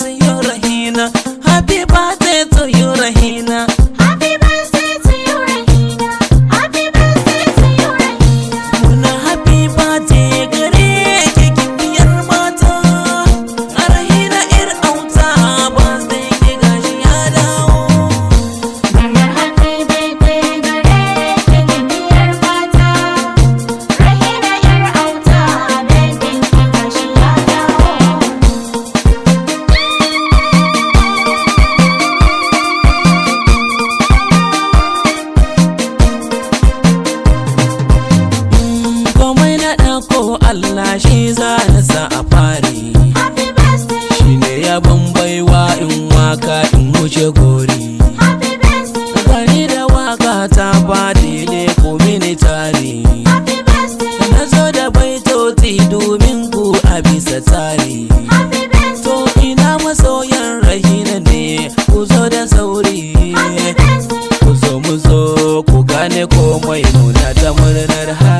siyo rahina pulling at a high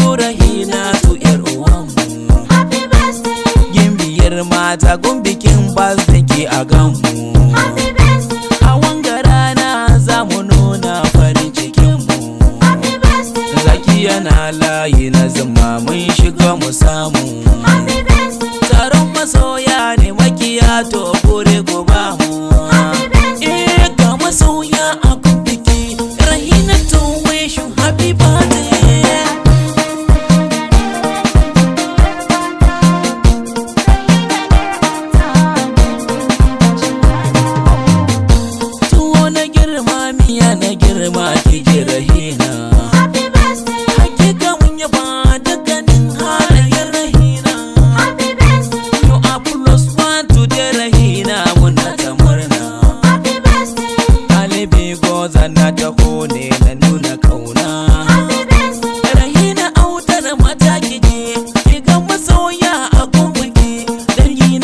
yana layi na zama mun shiga mu samu taron masoya ne makiya to kore ko ba mu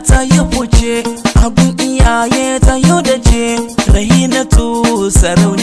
ta yi fuce abin iyaye ta yau da ce rahina tu sarau